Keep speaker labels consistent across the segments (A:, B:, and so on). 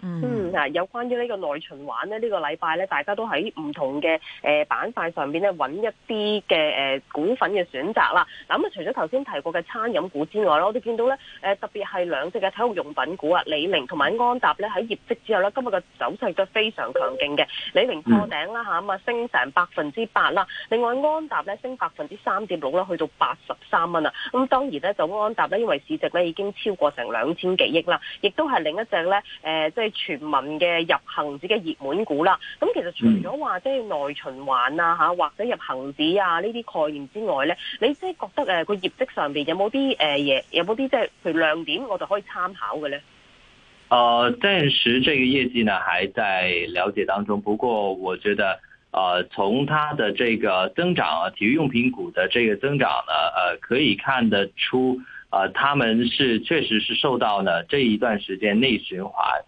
A: 嗯，嗱，
B: 有關於呢個內循環呢，呢個禮拜咧，大家都喺唔同嘅誒板塊上邊咧揾一啲嘅誒股份嘅選擇啦。嗱咁啊，除咗頭先提過嘅餐飲股之外，我都見到咧，誒特別係兩隻嘅體育用品股啊，李寧同埋安踏咧，喺業績之後咧，今日嘅走勢都非常強勁嘅。李寧破頂啦嚇，升成百分之八啦。另外安踏咧升百分之三點六啦，去到八十三蚊啦。咁當然咧就安踏咧，因為市值咧已經超過成兩千幾億啦，亦都係另一隻咧誒即全民嘅入恒指嘅熱門股啦，咁其實除咗話即係內循環啊，吓或者入恒指啊呢啲概念之外咧，你即係覺得誒個業績上邊有冇啲誒嘢，有冇啲即係譬如亮點，我就可以參考嘅咧？
C: 誒、呃，暫時這個業績呢還在了解當中，不過我覺得誒從、呃、它的這個增長，體育用品股的這個增長呢，誒、呃、可以看得出，誒、呃，他們是確實是受到呢這一段時間內循環。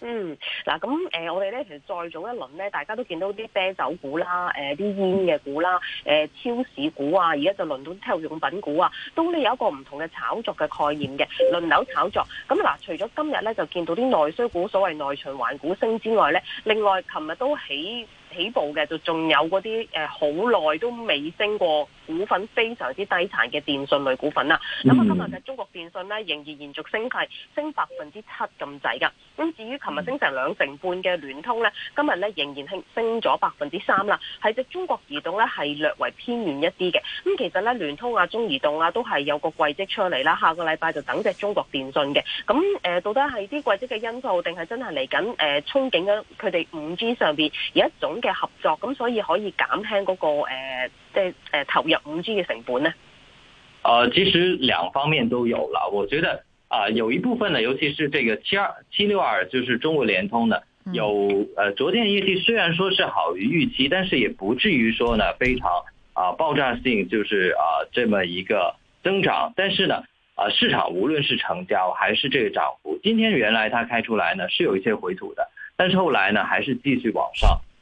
B: 嗯，嗱咁，誒，我哋咧其實再早一輪咧，大家都見到啲啤酒股啦，啲、呃、煙嘅股啦，誒、呃，超市股啊，而家就輪到啲體育用品股啊，都呢有一個唔同嘅炒作嘅概念嘅，輪流炒作。咁嗱、呃，除咗今日咧就見到啲內需股，所謂內循環股升之外咧，另外琴日都起。起步嘅就仲有嗰啲誒好耐都未升過股份，非常之低殘嘅電信類股份啦。咁、嗯、啊今日嘅中國電信呢，仍然延續升勢，升百分之七咁滯噶。咁、嗯、至於琴日升成兩成半嘅聯通呢，今日呢，仍然升升咗百分之三啦。係隻中國移動呢，係略為偏軟一啲嘅。咁、嗯、其實呢，聯通啊、中移動啊都係有個季績出嚟啦。下個禮拜就等隻中國電信嘅。咁誒、呃，到底係啲季績嘅因素，定係真係嚟緊誒憧憬緊佢哋五 G 上邊有一種，嘅合作咁，
C: 所以可以減輕、那個誒，即係誒投入五 G 嘅成本呢，啊、呃，其實兩方面都有啦。我覺得啊、呃，有一部分呢，尤其是這個七二七六二，就是中國聯通呢有誒、呃，昨天的業績雖然說是好於預期，但是也不至於說呢非常啊、呃、爆炸性，就是啊、呃、這麼一個增長。但是呢，啊、呃、市場無論是成交還是這個漲幅，今天原來它開出來呢是有一些回吐的，但是後來呢還是繼續往上。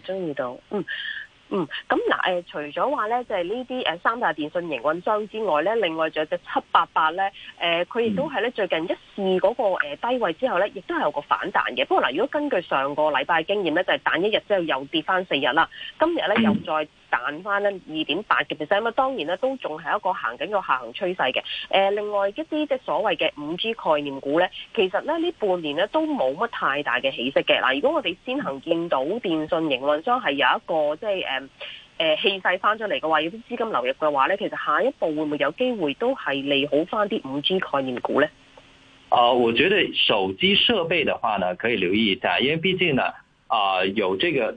B: 中意到，嗯嗯，咁嗱，誒、呃，除咗話咧，就係呢啲誒三大電信營運商之外咧，另外仲有隻七八八咧，誒、呃，佢亦都係咧最近一試嗰、那個誒、呃、低位之後咧，亦都係有個反彈嘅。不過嗱，如果根據上個禮拜經驗咧，就係、是、彈一日之後又跌翻四日啦，今日咧又再。嗯揀翻咧二點八嘅 percent，咁當然咧都仲係一個行緊個下行趨勢嘅。誒，另外一啲即係所謂嘅五 G 概念股咧，其實咧呢半年咧都冇乜太大嘅起色嘅。嗱，如果我哋先行見到電信營運商係有一個即係誒誒氣勢翻出嚟嘅話，有啲資金流入嘅話咧，其實下一步會唔會有機會都係利好翻啲五
C: G 概念股咧？啊，我覺得手機設備嘅話呢，可以留意一下，因為畢竟呢啊、呃、有這個。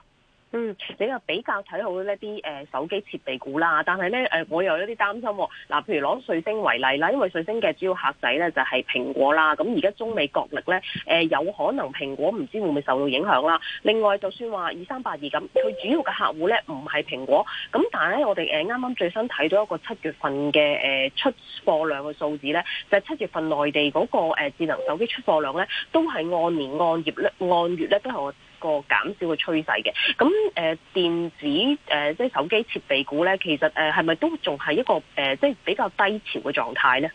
B: 嗯，你又比較睇好呢啲手機設備股啦，但係咧誒，我又有啲擔心。嗱，譬如攞瑞星為例啦，因為瑞星嘅主要客仔咧就係蘋果啦，咁而家中美角力咧有可能蘋果唔知會唔會受到影響啦。另外，就算話二三八二咁，佢主要嘅客戶咧唔係蘋果，咁但係咧我哋啱啱最新睇到一個七月份嘅出貨量嘅數字咧，就係、是、七月份內地嗰個智能手機出貨量咧都係按年按月咧按月咧都係個減少嘅趨勢嘅，咁誒電子誒即係手機設備股咧，其實誒係咪都仲係一個誒即係比較低潮嘅
C: 狀態呢？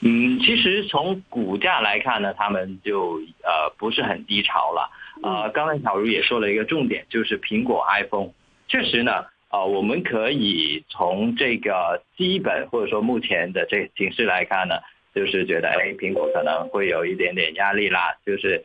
C: 嗯，其實從股價來看呢，他們就誒、呃、不是很低潮啦。啊、呃，剛才小茹也說了一個重點，就是蘋果 iPhone，確實呢啊、呃，我們可以從這個基本或者說目前的這個形勢來看呢，就是覺得誒蘋果可能會有一點點壓力啦，就是。